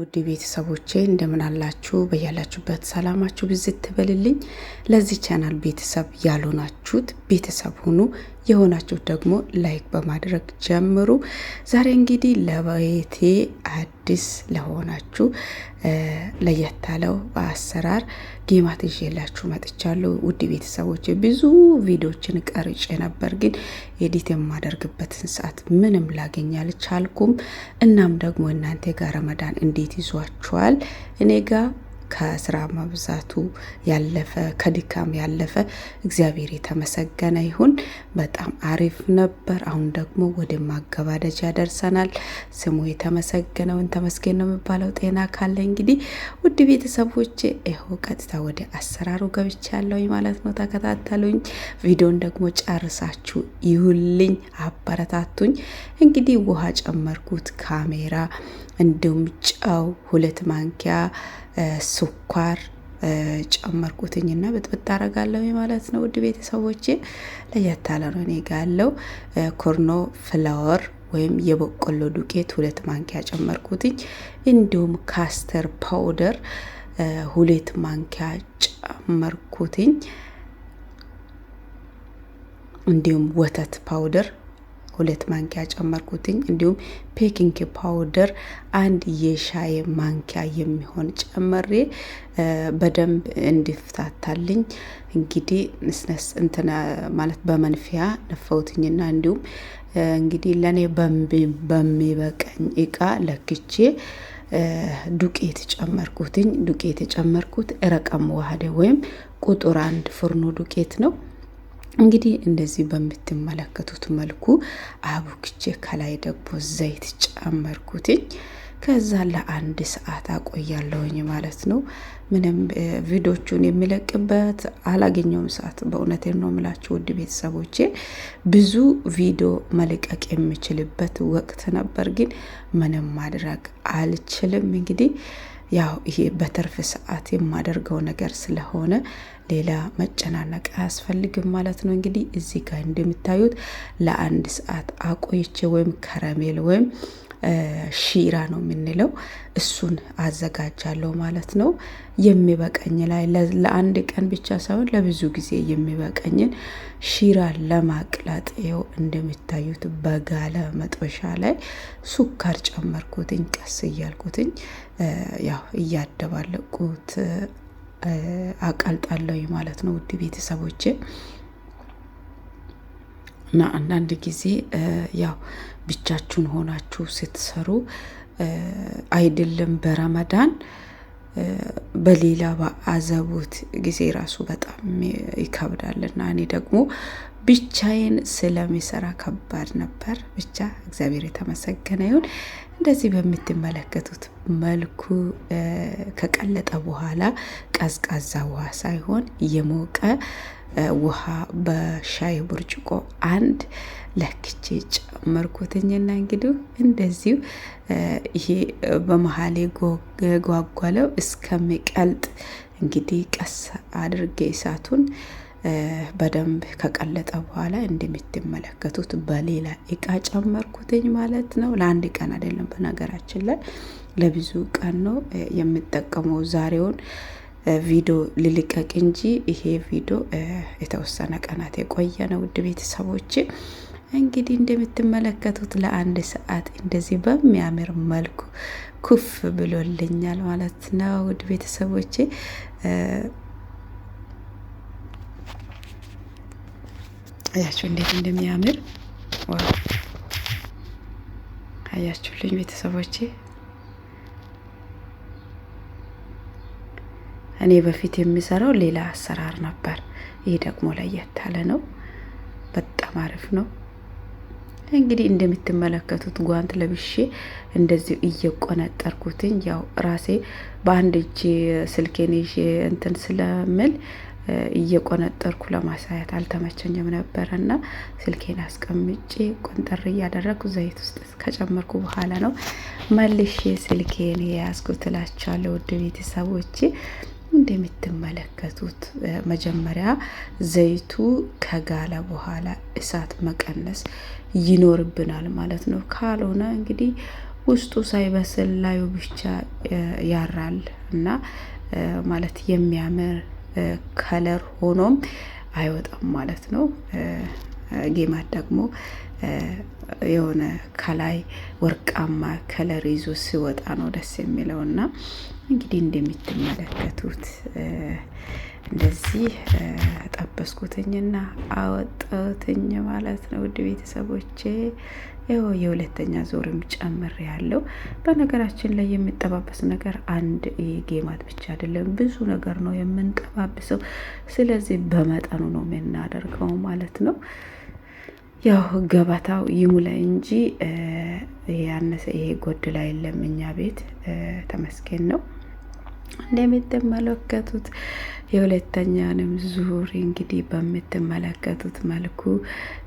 ውድ ቤተሰቦቼ እንደምን አላችሁ? በያላችሁበት ሰላማችሁ ብዝት ትበልልኝ። ለዚህ ቻናል ቤተሰብ ያልሆናችሁት ቤተሰብ ሁኑ። የሆናችሁ ደግሞ ላይክ በማድረግ ጀምሩ። ዛሬ እንግዲህ ለቤቴ አዲስ ለሆናችሁ ለየት ያለው አሰራር ጌማት ይዤላችሁ መጥቻለሁ። ውድ ቤተሰቦች ብዙ ቪዲዮችን ቀርጬ ነበር፣ ግን ኤዲት የማደርግበትን ሰዓት ምንም ላገኝ አልቻልኩም። እናም ደግሞ እናንተ ጋር ረመዳን እንዴት ይዟችኋል? እኔ ጋር ከስራ መብዛቱ ያለፈ ከድካም ያለፈ እግዚአብሔር የተመሰገነ ይሁን። በጣም አሪፍ ነበር። አሁን ደግሞ ወደ ማገባደጃ ደርሰናል። ስሙ የተመሰገነውን ተመስገን ነው የሚባለው። ጤና ካለ እንግዲህ ውድ ቤተሰቦች ይኸው ቀጥታ ወደ አሰራሩ ገብቻ ያለውኝ ማለት ነው። ተከታተሉኝ። ቪዲዮን ደግሞ ጨርሳችሁ ይሁልኝ፣ አበረታቱኝ። እንግዲህ ውሃ ጨመርኩት ካሜራ እንዲሁም ጨው ሁለት ማንኪያ ስኳር ጨመርኩትኝ ጨመርኩትኝና ብጥብጥ አረጋለሁ ማለት ነው። ውድ ቤተሰቦቼ ለየት ያለ ነው። እኔ ጋ ያለው ኮርኖ ፍላወር ወይም የበቆሎ ዱቄት ሁለት ማንኪያ ጨመርኩትኝ። እንዲሁም ካስተር ፓውደር ሁለት ማንኪያ ጨመርኩትኝ። እንዲሁም ወተት ፓውደር ሁለት ማንኪያ ጨመርኩትኝ። እንዲሁም ፔኪንግ ፓውደር አንድ የሻይ ማንኪያ የሚሆን ጨመሬ በደንብ እንዲፍታታልኝ እንግዲህ ስነስ እንትን ማለት በመንፊያ ነፈውትኝና እንዲሁም እንግዲህ ለእኔ በሚበቀኝ እቃ ለክቼ ዱቄት ጨመርኩትኝ። ዱቄት የጨመርኩት ረቀም ዋህደ ወይም ቁጥር አንድ ፍርኖ ዱቄት ነው። እንግዲህ እንደዚህ በምትመለከቱት መልኩ አቡክቼ ከላይ ደግሞ ዘይት ጨመርኩትኝ። ከዛ ለአንድ ሰዓት አቆያለሁኝ ማለት ነው። ምንም ቪዲዮቹን የሚለቅበት አላገኘውም ሰዓት። በእውነት ነው የምላችሁ ውድ ቤተሰቦቼ፣ ብዙ ቪዲዮ መልቀቅ የምችልበት ወቅት ነበር፣ ግን ምንም ማድረግ አልችልም እንግዲህ ያው ይሄ በትርፍ ሰዓት የማደርገው ነገር ስለሆነ ሌላ መጨናነቅ አያስፈልግም ማለት ነው። እንግዲህ እዚህ ጋር እንደምታዩት ለአንድ ሰዓት አቆይቼ ወይም ከረሜል ወይም ሺራ ነው የምንለው። እሱን አዘጋጃለሁ ማለት ነው። የሚበቀኝ ላይ ለአንድ ቀን ብቻ ሳይሆን ለብዙ ጊዜ የሚበቀኝን ሺራ ለማቅላጥ ይኸው እንደሚታዩት በጋለ መጥበሻ ላይ ሱካር ጨመርኩትኝ። ቀስ እያልኩትኝ ያው እያደባለቁት አቀልጣለሁ ማለት ነው። ውድ ቤተሰቦቼ እና አንዳንድ ጊዜ ያው ብቻችሁን ሆናችሁ ስትሰሩ አይደለም በረመዳን በሌላ በአዘቦት ጊዜ ራሱ በጣም ይከብዳልና እኔ ደግሞ ብቻዬን ስለሚሰራ ከባድ ነበር። ብቻ እግዚአብሔር የተመሰገነ ይሁን። እንደዚህ በምትመለከቱት መልኩ ከቀለጠ በኋላ ቀዝቃዛ ውሃ ሳይሆን የሞቀ ውሃ በሻይ ብርጭቆ አንድ ለክቼ ጨመርኩትኝና እንግዲህ እንደዚሁ ይሄ በመሀሌ ጓጓለው እስከሚቀልጥ እንግዲህ ቀስ አድርጌ እሳቱን በደንብ ከቀለጠ በኋላ እንደምትመለከቱት በሌላ እቃ ጨመርኩትኝ ማለት ነው። ለአንድ ቀን አይደለም፣ በነገራችን ላይ ለብዙ ቀን ነው የምጠቀመው። ዛሬውን ቪዲዮ ልልቀቅ እንጂ ይሄ ቪዲዮ የተወሰነ ቀናት የቆየ ነው። ውድ ቤተሰቦች እንግዲህ እንደምትመለከቱት ለአንድ ሰዓት እንደዚህ በሚያምር መልኩ ኩፍ ብሎልኛል ማለት ነው። ውድ ቤተሰቦቼ አያችሁ እንዴት እንደሚያምር ዋው! አያችሁልኝ ቤተሰቦቼ። እኔ በፊት የሚሰራው ሌላ አሰራር ነበር። ይህ ደግሞ ለየት ያለ ነው። በጣም አሪፍ ነው። እንግዲህ እንደምትመለከቱት ጓንት ለብሼ እንደዚሁ እየቆነጠርኩትኝ ያው ራሴ በአንድ እጅ ስልኬን ይዤ እንትን ስለምል እየቆነጠርኩ ለማሳያት አልተመቸኝም ነበረ እና ስልኬን አስቀምጬ ቆንጠር እያደረግኩ ዘይት ውስጥ ከጨመርኩ በኋላ ነው መልሼ ስልኬን የያዝኩት እላችኋለሁ ውድ ቤተሰቦቼ። እንደምትመለከቱት መጀመሪያ ዘይቱ ከጋለ በኋላ እሳት መቀነስ ይኖርብናል ማለት ነው። ካልሆነ እንግዲህ ውስጡ ሳይበስል ላዩ ብቻ ያራል እና ማለት የሚያምር ከለር ሆኖም አይወጣም ማለት ነው። ጌማት ደግሞ የሆነ ከላይ ወርቃማ ከለር ይዞ ሲወጣ ነው ደስ የሚለው እና እንግዲህ እንደምትመለከቱት እንደዚህ ጠበስኩትኝና አወጣትኝ ማለት ነው ውድ ቤተሰቦቼ። ይኸው የሁለተኛ ዞርም ጨምር ያለው። በነገራችን ላይ የሚጠባበስ ነገር አንድ ጌማት ብቻ አይደለም፣ ብዙ ነገር ነው የምንጠባብሰው። ስለዚህ በመጠኑ ነው የምናደርገው ማለት ነው። ያው ገበታው ይሙላ እንጂ ያነሰ ይሄ ጎድላ የለም። እኛ ቤት ተመስገን ነው። እንደምትመለከቱት የሁለተኛንም ዙር እንግዲህ በምትመለከቱት መልኩ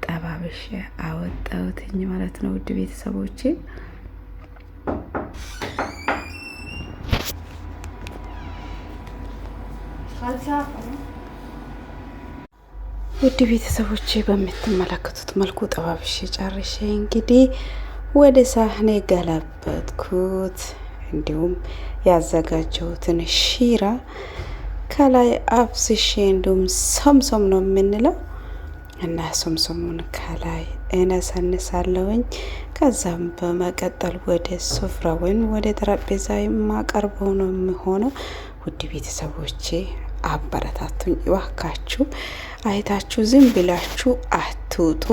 ጠባብሽ አወጣውትኝ ማለት ነው ውድ ቤተሰቦቼ። ውድ ቤተሰቦቼ በምትመለከቱት መልኩ ጠባብሽ ጨርሼ እንግዲህ ወደ ሳህኔ ገለበትኩት። እንዲሁም ያዘጋጀሁትን ሺራ ከላይ አፍስሼ እንዲሁም ሶምሶም ነው የምንለው እና ሶምሶሙን ከላይ እነሰንሳለሁኝ። ከዛም በመቀጠል ወደ ስፍራ ወይም ወደ ጠረጴዛ የማቀርበው ነው የሚሆነው። ውድ ቤተሰቦቼ አበረታቱኝ እባካችሁ። አይታችሁ ዝም ብላችሁ አትውጡ።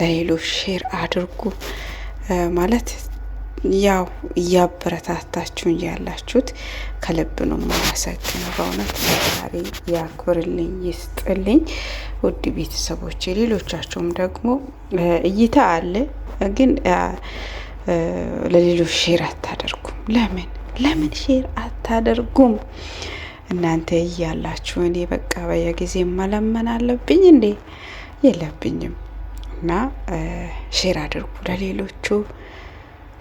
ለሌሎች ሼር አድርጉ ማለት ያው እያበረታታችሁን ያላችሁት ከልብ ነው የማመሰግነው። በእውነት ፈጣሪ ያክብርልኝ ይስጥልኝ። ውድ ቤተሰቦች ሌሎቻችሁም ደግሞ እይታ አለ ግን ለሌሎች ሼር አታደርጉም። ለምን ለምን ሼር አታደርጉም? እናንተ እያላችሁ እኔ በቃ በየጊዜ መለመን አለብኝ እንዴ? የለብኝም። እና ሼር አድርጉ ለሌሎቹ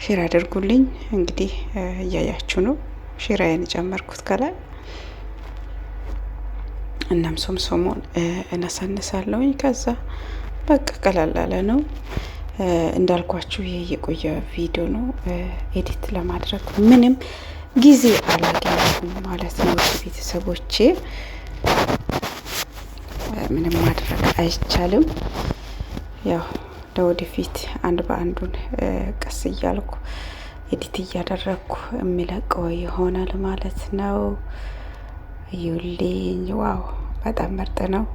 ሼር አድርጉልኝ። እንግዲህ እያያችሁ ነው። ሼራዬን ጨመርኩት ከላይ እናም ሶምሶሞን እናሳንሳለሁኝ። ከዛ በቃ ቀላላለ ነው እንዳልኳችሁ። ይህ የቆየ ቪዲዮ ነው። ኤዲት ለማድረግ ምንም ጊዜ አላገኘሁም ማለት ነው ቤተሰቦቼ። ምንም ማድረግ አይቻልም ያው ለወደፊት አንድ በአንዱን ቀስ እያልኩ ኤዲት እያደረግኩ የሚለቀው ይሆናል ማለት ነው። እዩልኝ። ዋው በጣም ምርጥ ነው።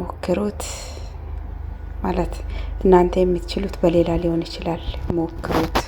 ሞክሩት ማለት እናንተ የምትችሉት በሌላ ሊሆን ይችላል። ሞክሩት።